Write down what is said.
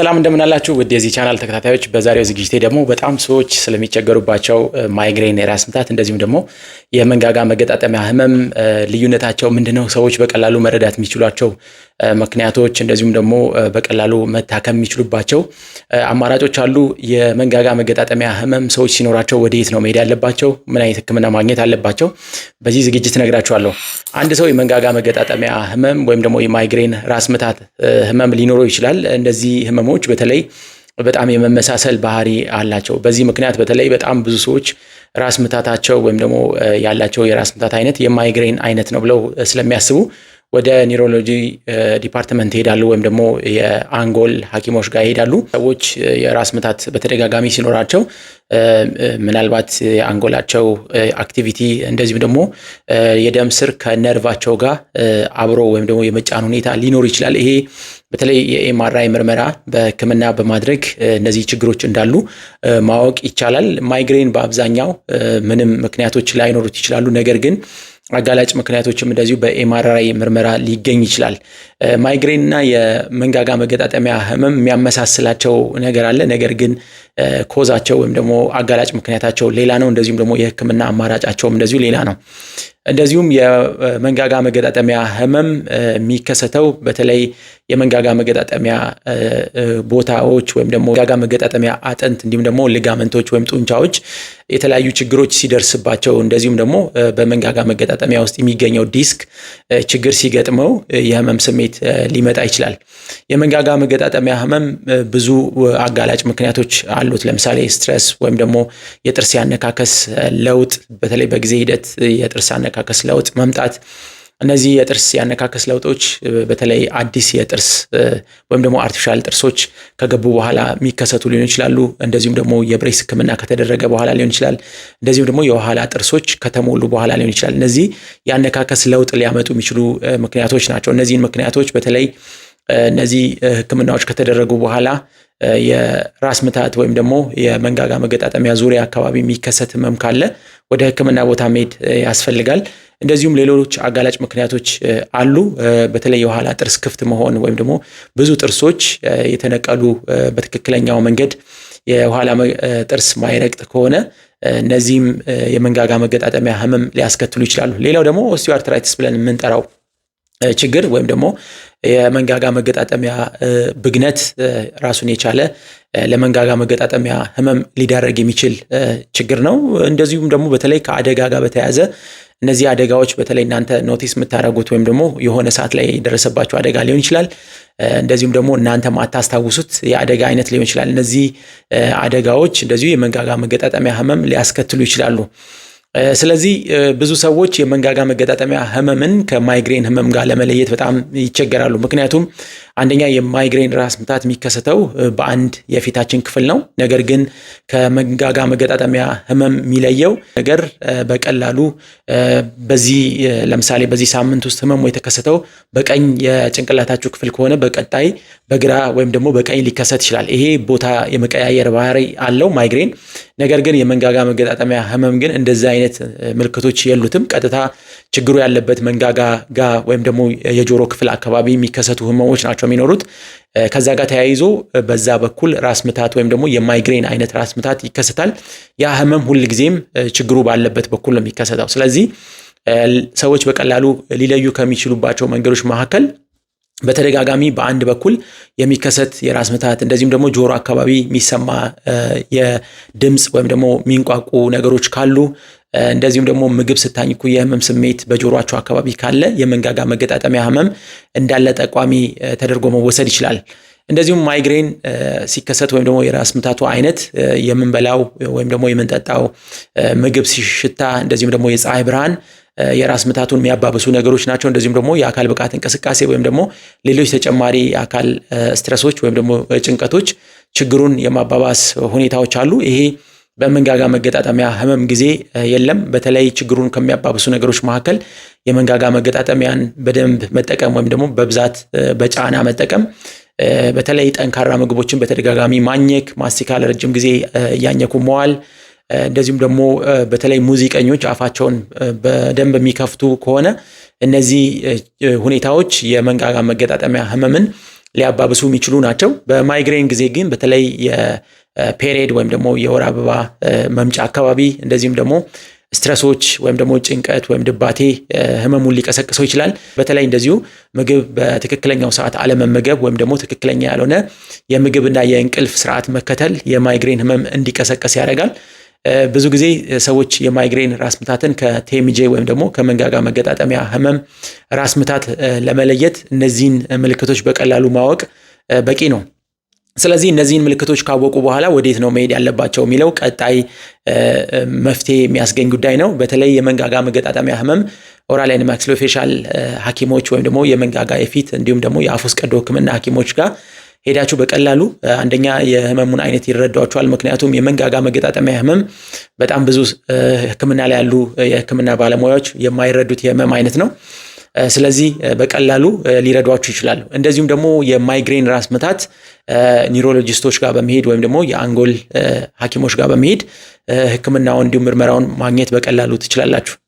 ሰላም እንደምናላችሁ ውድ የዚህ ቻናል ተከታታዮች፣ በዛሬው ዝግጅቴ ደግሞ በጣም ሰዎች ስለሚቸገሩባቸው ማይግሬን፣ የራስ ምታት እንደዚሁም ደግሞ የመንጋጋ መገጣጠሚያ ህመም ልዩነታቸው ምንድነው፣ ሰዎች በቀላሉ መረዳት የሚችሏቸው ምክንያቶች እንደዚሁም ደግሞ በቀላሉ መታከም የሚችሉባቸው አማራጮች አሉ። የመንጋጋ መገጣጠሚያ ህመም ሰዎች ሲኖራቸው ወደየት ነው መሄድ ያለባቸው? ምን አይነት ህክምና ማግኘት አለባቸው? በዚህ ዝግጅት እነግራችኋለሁ። አንድ ሰው የመንጋጋ መገጣጠሚያ ህመም ወይም ደግሞ የማይግሬን ራስ ምታት ህመም ሊኖረው ይችላል። እነዚህ ህመሞች በተለይ በጣም የመመሳሰል ባህሪ አላቸው። በዚህ ምክንያት በተለይ በጣም ብዙ ሰዎች ራስ ምታታቸው ወይም ደግሞ ያላቸው የራስ ምታት አይነት የማይግሬን አይነት ነው ብለው ስለሚያስቡ ወደ ኒውሮሎጂ ዲፓርትመንት ይሄዳሉ፣ ወይም ደግሞ የአንጎል ሐኪሞች ጋር ይሄዳሉ። ሰዎች የራስ ምታት በተደጋጋሚ ሲኖራቸው ምናልባት የአንጎላቸው አክቲቪቲ እንደዚሁም ደግሞ የደም ስር ከነርቫቸው ጋር አብሮ ወይም ደግሞ የመጫን ሁኔታ ሊኖር ይችላል። ይሄ በተለይ የኤምአርአይ ምርመራ በሕክምና በማድረግ እነዚህ ችግሮች እንዳሉ ማወቅ ይቻላል። ማይግሬን በአብዛኛው ምንም ምክንያቶች ላይኖሩት ይችላሉ፣ ነገር ግን አጋላጭ ምክንያቶችም እንደዚሁ በኤምአርአይ ምርመራ ሊገኝ ይችላል። ማይግሬን እና የመንጋጋ መገጣጠሚያ ህመም የሚያመሳስላቸው ነገር አለ። ነገር ግን ኮዛቸው ወይም ደግሞ አጋላጭ ምክንያታቸው ሌላ ነው። እንደዚሁም ደግሞ የህክምና አማራጫቸውም እንደዚሁ ሌላ ነው። እንደዚሁም የመንጋጋ መገጣጠሚያ ህመም የሚከሰተው በተለይ የመንጋጋ መገጣጠሚያ ቦታዎች ወይም ደግሞ መንጋጋ መገጣጠሚያ አጥንት እንዲሁም ደግሞ ልጋመንቶች ወይም ጡንቻዎች የተለያዩ ችግሮች ሲደርስባቸው እንደዚሁም ደግሞ በመንጋጋ መገጣጠሚያ ውስጥ የሚገኘው ዲስክ ችግር ሲገጥመው የህመም ስሜት ሊመጣ ይችላል። የመንጋጋ መገጣጠሚያ ህመም ብዙ አጋላጭ ምክንያቶች አሉት። ለምሳሌ ስትረስ ወይም ደግሞ የጥርስ ያነካከስ ለውጥ በተለይ በጊዜ ሂደት የጥርስ ያነካከስ ለውጥ መምጣት እነዚህ የጥርስ ያነካከስ ለውጦች በተለይ አዲስ የጥርስ ወይም ደግሞ አርቲፊሻል ጥርሶች ከገቡ በኋላ የሚከሰቱ ሊሆን ይችላሉ። እንደዚሁም ደግሞ የብሬስ ሕክምና ከተደረገ በኋላ ሊሆን ይችላል። እንደዚሁም ደግሞ የኋላ ጥርሶች ከተሞሉ በኋላ ሊሆን ይችላል። እነዚህ ያነካከስ ለውጥ ሊያመጡ የሚችሉ ምክንያቶች ናቸው። እነዚህን ምክንያቶች በተለይ እነዚህ ህክምናዎች ከተደረጉ በኋላ የራስ ምታት ወይም ደግሞ የመንጋጋ መገጣጠሚያ ዙሪያ አካባቢ የሚከሰት ህመም ካለ ወደ ህክምና ቦታ መሄድ ያስፈልጋል። እንደዚሁም ሌሎች አጋላጭ ምክንያቶች አሉ። በተለይ የኋላ ጥርስ ክፍት መሆን ወይም ደግሞ ብዙ ጥርሶች የተነቀሉ በትክክለኛው መንገድ የኋላ ጥርስ ማይረቅጥ ከሆነ እነዚህም የመንጋጋ መገጣጠሚያ ህመም ሊያስከትሉ ይችላሉ። ሌላው ደግሞ ኦስቲዮአርትራይትስ ብለን የምንጠራው ችግር ወይም ደግሞ የመንጋጋ መገጣጠሚያ ብግነት ራሱን የቻለ ለመንጋጋ መገጣጠሚያ ህመም ሊዳረግ የሚችል ችግር ነው። እንደዚሁም ደግሞ በተለይ ከአደጋ ጋር በተያያዘ እነዚህ አደጋዎች በተለይ እናንተ ኖቲስ የምታደርጉት ወይም ደግሞ የሆነ ሰዓት ላይ የደረሰባቸው አደጋ ሊሆን ይችላል። እንደዚሁም ደግሞ እናንተ ማታስታውሱት የአደጋ አይነት ሊሆን ይችላል። እነዚህ አደጋዎች እንደዚሁ የመንጋጋ መገጣጠሚያ ህመም ሊያስከትሉ ይችላሉ። ስለዚህ ብዙ ሰዎች የመንጋጋ መገጣጠሚያ ህመምን ከማይግሬን ህመም ጋር ለመለየት በጣም ይቸገራሉ። ምክንያቱም አንደኛ የማይግሬን ራስ ምታት የሚከሰተው በአንድ የፊታችን ክፍል ነው። ነገር ግን ከመንጋጋ መገጣጠሚያ ህመም የሚለየው ነገር በቀላሉ በዚህ ለምሳሌ በዚህ ሳምንት ውስጥ ህመሙ የተከሰተው በቀኝ የጭንቅላታችሁ ክፍል ከሆነ በቀጣይ በግራ ወይም ደግሞ በቀኝ ሊከሰት ይችላል። ይሄ ቦታ የመቀያየር ባህሪ አለው ማይግሬን። ነገር ግን የመንጋጋ መገጣጠሚያ ህመም ግን እንደዚህ አይነት ምልክቶች የሉትም። ቀጥታ ችግሩ ያለበት መንጋጋ ጋ ወይም ደግሞ የጆሮ ክፍል አካባቢ የሚከሰቱ ህመሞች ናቸው የሚኖሩት። ከዛ ጋር ተያይዞ በዛ በኩል ራስ ምታት ወይም ደግሞ የማይግሬን አይነት ራስ ምታት ይከሰታል። ያ ህመም ሁልጊዜም ችግሩ ባለበት በኩል ነው የሚከሰተው። ስለዚህ ሰዎች በቀላሉ ሊለዩ ከሚችሉባቸው መንገዶች መካከል በተደጋጋሚ በአንድ በኩል የሚከሰት የራስ ምታት እንደዚሁም ደግሞ ጆሮ አካባቢ የሚሰማ የድምፅ ወይም ደግሞ የሚንቋቁ ነገሮች ካሉ እንደዚሁም ደግሞ ምግብ ስታኝኩ የህመም ስሜት በጆሮቸው አካባቢ ካለ የመንጋጋ መገጣጠሚያ ህመም እንዳለ ጠቋሚ ተደርጎ መወሰድ ይችላል። እንደዚሁም ማይግሬን ሲከሰት ወይም ደግሞ የራስ ምታቱ አይነት የምንበላው ወይም ደግሞ የምንጠጣው ምግብ ሲሽታ፣ እንደዚሁም ደግሞ የፀሐይ ብርሃን የራስ ምታቱን የሚያባብሱ ነገሮች ናቸው። እንደዚሁም ደግሞ የአካል ብቃት እንቅስቃሴ ወይም ደግሞ ሌሎች ተጨማሪ የአካል ስትረሶች ወይም ደግሞ ጭንቀቶች ችግሩን የማባባስ ሁኔታዎች አሉ። ይሄ በመንጋጋ መገጣጠሚያ ህመም ጊዜ የለም። በተለይ ችግሩን ከሚያባብሱ ነገሮች መካከል የመንጋጋ መገጣጠሚያን በደንብ መጠቀም ወይም ደግሞ በብዛት በጫና መጠቀም፣ በተለይ ጠንካራ ምግቦችን በተደጋጋሚ ማኘክ፣ ማስቲካ ለረጅም ጊዜ እያኘኩ መዋል፣ እንደዚሁም ደግሞ በተለይ ሙዚቀኞች አፋቸውን በደንብ የሚከፍቱ ከሆነ እነዚህ ሁኔታዎች የመንጋጋ መገጣጠሚያ ህመምን ሊያባብሱ የሚችሉ ናቸው። በማይግሬን ጊዜ ግን በተለይ ፔሬድ ወይም ደግሞ የወር አበባ መምጫ አካባቢ እንደዚሁም ደግሞ ስትረሶች ወይም ደግሞ ጭንቀት ወይም ድባቴ ህመሙን ሊቀሰቅሰው ይችላል። በተለይ እንደዚሁ ምግብ በትክክለኛው ሰዓት አለመመገብ ወይም ደግሞ ትክክለኛ ያልሆነ የምግብና የእንቅልፍ ስርዓት መከተል የማይግሬን ህመም እንዲቀሰቀስ ያደርጋል። ብዙ ጊዜ ሰዎች የማይግሬን ራስ ምታትን ከቴሚጄ ወይም ደግሞ ከመንጋጋ መገጣጠሚያ ህመም ራስ ምታት ለመለየት እነዚህን ምልክቶች በቀላሉ ማወቅ በቂ ነው። ስለዚህ እነዚህን ምልክቶች ካወቁ በኋላ ወዴት ነው መሄድ ያለባቸው የሚለው ቀጣይ መፍትሄ የሚያስገኝ ጉዳይ ነው። በተለይ የመንጋጋ መገጣጠሚያ ህመም ኦራላይን ኤንድ ማክሲሎፌሻል ሐኪሞች ወይም ደግሞ የመንጋጋ የፊት እንዲሁም ደግሞ የአፍ ውስጥ ቀዶ ህክምና ሐኪሞች ጋር ሄዳችሁ በቀላሉ አንደኛ የህመሙን አይነት ይረዷችኋል። ምክንያቱም የመንጋጋ መገጣጠሚያ ህመም በጣም ብዙ ህክምና ላይ ያሉ የህክምና ባለሙያዎች የማይረዱት የህመም አይነት ነው። ስለዚህ በቀላሉ ሊረዷችሁ ይችላሉ። እንደዚሁም ደግሞ የማይግሬን ራስ ምታት ኒውሮሎጂስቶች ጋር በመሄድ ወይም ደግሞ የአንጎል ሐኪሞች ጋር በመሄድ ሕክምናውን እንዲሁም ምርመራውን ማግኘት በቀላሉ ትችላላችሁ።